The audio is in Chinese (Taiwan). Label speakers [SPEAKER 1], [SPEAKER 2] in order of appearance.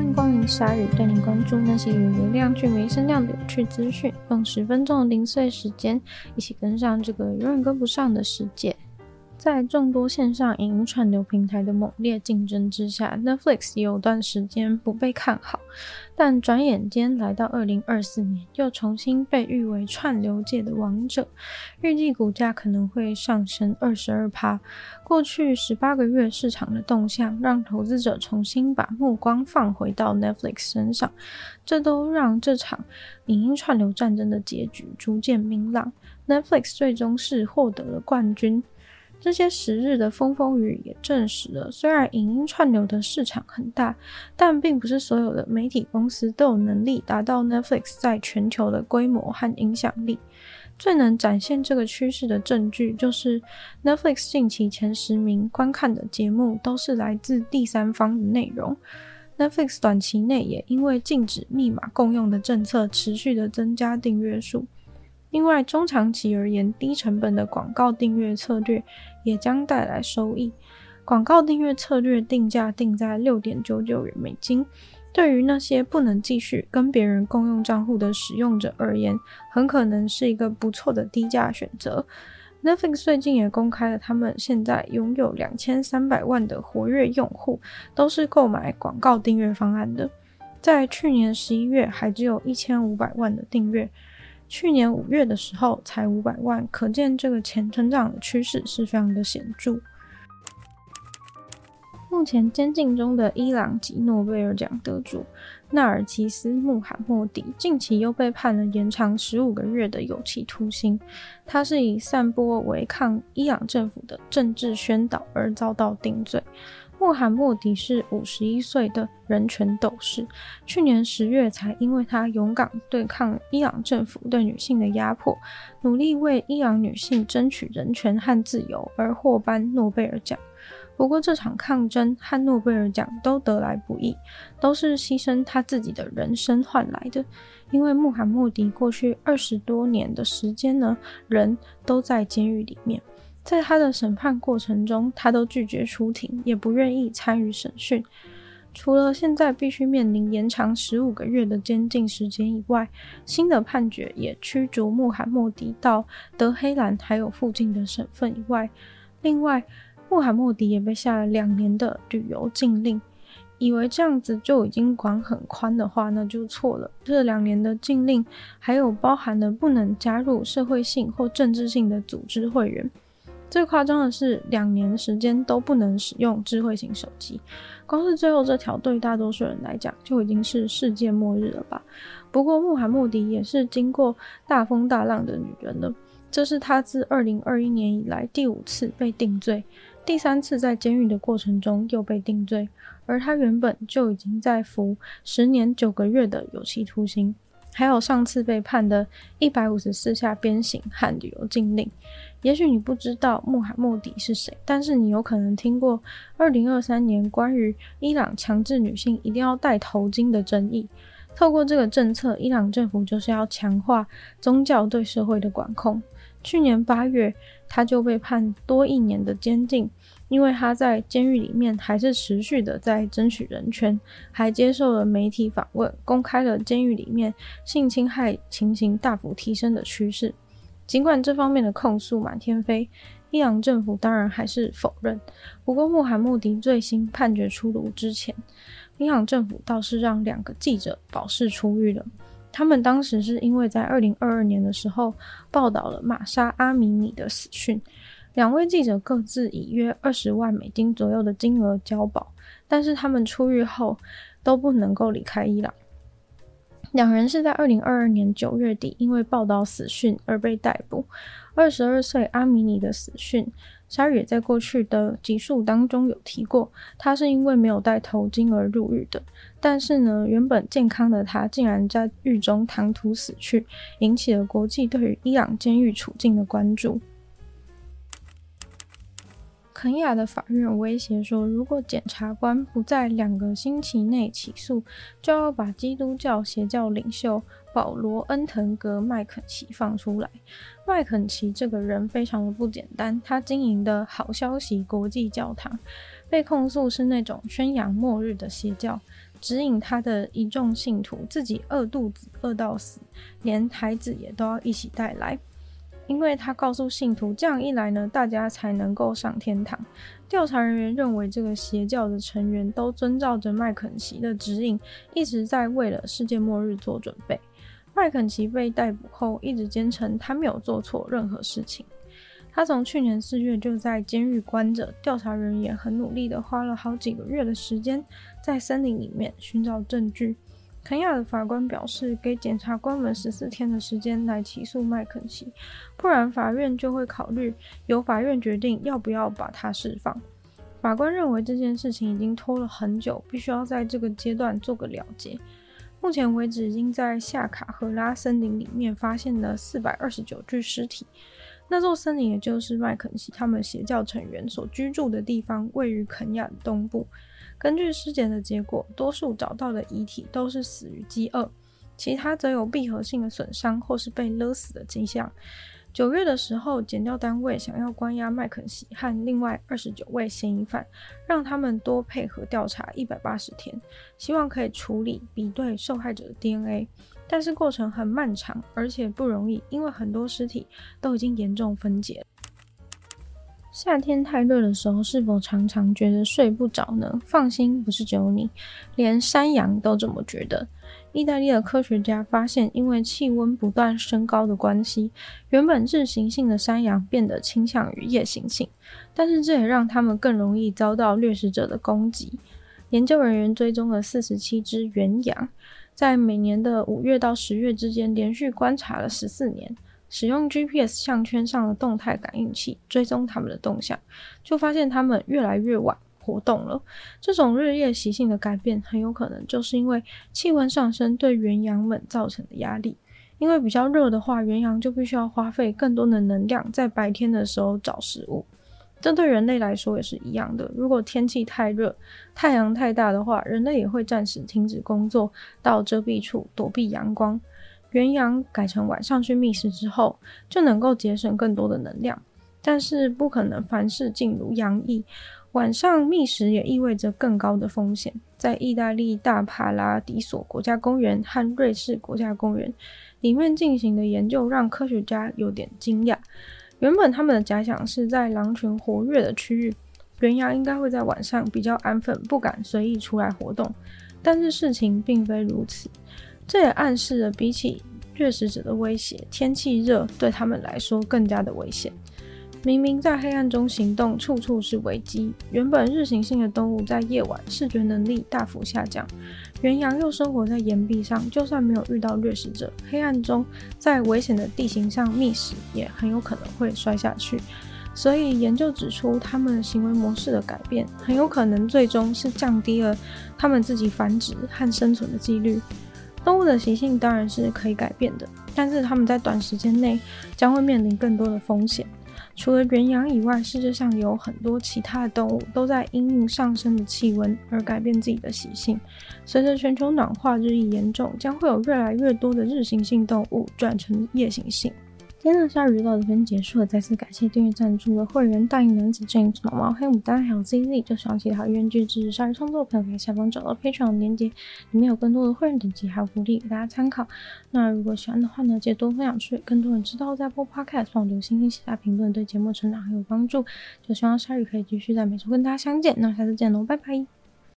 [SPEAKER 1] 歡迎光臨鯊語，帶你關注那些有流量卻沒聲量的有趣資訊，用十分鐘的零碎時間，一起跟上這個永遠跟不上的世界。在眾多線上影音串流平台的猛烈競爭之下，Netflix 有段時間不被看好，但轉眼間來到二零二四年，又重新被譽為串流界的王者。預計股價可能會上升二十二趴。過去十八個月市場的動向，讓投資者重新把目光放回到 Netflix 身上，這都讓這場影音串流戰爭的結局逐漸明朗。Netflix 最終是獲得了冠軍。這些時日的風風雨雨也證實了，雖然影音串流的市場很大，但並不是所有的媒體公司都有能力達到 Netflix 在全球的規模和影響力。最能展現這個趨勢的證據，就是 Netflix 近期前十名觀看的節目都是來自第三方的內容。Netflix 短期內也因為禁止密碼共用的政策，持續的增加訂閱數。另外，中長期而言，低成本的廣告訂閱策略也將帶來收益。廣告訂閱策略定價定在六點九九元美金，對於那些不能繼續跟別人共用賬戶的使用者而言，很可能是一個不錯的低價選擇。Netflix 最近也公開了他們現在擁有兩千三百萬的活躍用戶，都是購買廣告訂閱方案的。在去年十一月，還只有一千五百萬的訂閱。去年五月的時候才五百萬，可見這個錢成長的趨勢是非常的顯著。目前監禁中的伊朗及諾貝爾獎得主納爾奇斯·穆罕默迪，近期又被判了延長十五個月的有期徒刑。他是以散播違抗伊朗政府的政治宣導而遭到定罪。穆罕默迪是五十一歲的人權鬥士，去年十月才因為他勇敢對抗伊朗政府對女性的壓迫，努力為伊朗女性爭取人權和自由而獲頒諾貝爾獎。不過這場抗爭和諾貝爾獎都得來不易，都是犧牲他自己的人生換來的。因為穆罕默迪過去二十多年的時間呢，人都在監獄裡面。在他的審判過程中，他都拒絕出庭，也不願意參與審訊。除了現在必須面臨延長十五個月的監禁時間以外，新的判決也驅逐穆罕默迪到德黑蘭還有附近的省份以外。另外，穆罕默迪也被下了兩年的旅遊禁令。以為這樣子就已經管很寬的話，那就錯了。這兩年的禁令還有包含了不能加入社會性或政治性的組織會員。最誇張的是，兩年的時間都不能使用智慧型手機。光是最後這條，對大多數人來講，就已經是世界末日了吧？不過，穆罕默迪也是經過大風大浪的女人了。這是她自2021年以來第五次被定罪，第三次在監獄的過程中又被定罪，而她原本就已經在服十年九個月的有期徒刑。還有上次被判的一百五十四下鞭刑和旅遊禁令，也許你不知道穆罕默迪是誰，但是你有可能聽過二零二三年關於伊朗強制女性一定要戴頭巾的爭議。透過這個政策，伊朗政府就是要強化宗教對社會的管控。去年八月，他就被判多一年的監禁，因為他在監獄裡面還是持續的在爭取人權，還接受了媒體訪問，公開了監獄裡面性侵害情形大幅提升的趨勢。儘管這方面的控訴滿天飛，伊朗政府當然還是否認。不過穆罕默迪最新判決出爐之前，伊朗政府倒是讓兩個記者保釋出獄了。他們當時是因為在二零二二年的時候報道了瑪莎·阿米尼的死訊，兩位記者各自以約二十萬美金左右的金額交保，但是他們出獄後都不能夠離開伊朗。兩人是在二零二二年九月底因為報道死訊而被逮捕。二十二歲阿米尼的死訊。鯊語也在過去的集數當中有提過，他是因為沒有戴頭巾而入獄的。但是呢，原本健康的他竟然在獄中唐突死去，引起了國際對於伊朗監獄處境的關注。肯亞的法院威脅說，如果檢察官不在兩個星期內起訴，就要把基督教邪教領袖保羅·恩騰格·麥肯齊放出來。麥肯齊這個人非常的不簡單，他經營的好消息國際教堂，被控訴是那種宣揚末日的邪教，指引他的一眾信徒自己餓肚子餓到死，連孩子也都要一起帶來。因為他告訴信徒，這樣一來呢，大家才能夠上天堂。調查人員認為，這個邪教的成員都遵照着麥肯齊的指引，一直在為了世界末日做準備。麥肯齊被逮捕後，一直堅稱他沒有做錯任何事情。他從去年四月就在監獄關着。調查人員也很努力的，花了好幾個月的時間，在森林裡面尋找證據。肯亞的法官表示，給檢察官們十四天的時間來起訴麥肯錫，不然法院就會考慮由法院決定要不要把他釋放。法官認為這件事情已經拖了很久，必須要在這個階段做個了結。目前為止，已經在夏卡赫拉森林裡面發現了四百二十九具屍體。那座森林，也就是麥肯錫他們邪教成員所居住的地方，位於肯亞的東部。根據屍檢的結果，多數找到的遺體都是死於飢餓，其他則有閉合性的損傷或是被勒死的跡象。九月的時候，檢調單位想要關押麥肯錫和另外二十九位嫌疑犯，讓他們多配合調查一百八十天，希望可以處理比對受害者的 DNA。但是過程很漫長，而且不容易，因為很多屍體都已經嚴重分解了。夏天太熱的時候，是否常常覺得睡不着呢？放心，不是只有你，連山羊都這麼覺得。意大利的科學家發現，因為氣溫不斷升高的關係，原本日行性的山羊變得傾向於夜行性，但是這也讓他們更容易遭到掠食者的攻擊。研究人員追蹤了四十七只原羊。在每年的五月到十月之間，連續觀察了十四年，使用 GPS 項圈上的動態感應器追蹤它們的動向，就發現它們越來越晚活動了。這種日夜習性的改變，很有可能就是因為氣溫上升對羱羊們造成的壓力。因為比較熱的話，羱羊就必須要花費更多的能量在白天的時候找食物。這對人類來說也是一樣的。如果天氣太熱、太陽太大的話，人類也會暫時停止工作，到遮蔽處躲避陽光。羱羊改成晚上去覓食之後，就能夠節省更多的能量。但是不可能凡事盡如人意，晚上覓食也意味着更高的風險。在意大利大帕拉迪索國家公園和瑞士國家公園裡面進行的研究，讓科學家有點驚訝。原本他們的假想是在狼群活躍的區域，羱羊應該會在晚上比較安分，不敢隨意出來活動。但是事情並非如此，這也暗示了比起掠食者的威脅，天氣熱對他們來說更加的危險。明明在黑暗中行動，處處是危機。原本日行性的動物在夜晚視覺能力大幅下降。原羊又生活在岩壁上，就算沒有遇到掠食者，黑暗中在危險的地形上覓食，也很有可能會摔下去。所以研究指出，它們的行為模式的改變，很有可能最終是降低了它們自己繁殖和生存的幾率。動物的習性當然是可以改變的，但是它們在短時間內將會面臨更多的風險。除了綿羊以外，世界上有很多其他的動物都在因應上升的氣溫而改變自己的習性。隨着全球暖化日益嚴重，將會有越來越多的日行性動物轉成夜行性。今天的鯊魚就到這邊結束了，再次感謝訂閱贊助的會員大銀男子、營，義老貓、黑牡丹還有 Z Z。就喜歡其他樂劇支持鯊魚創作的朋友可以在下方找到 Patreon 的鏈接，裡面有更多的會員等級還有福利給大家參考。那如果喜歡的話呢，記得多分享出去，更多人知道在播 Podcast。希望留星星、寫下評論，對節目成長很有幫助。就希望鯊魚可以繼續在每周跟大家相見。那下次見嘍，拜拜。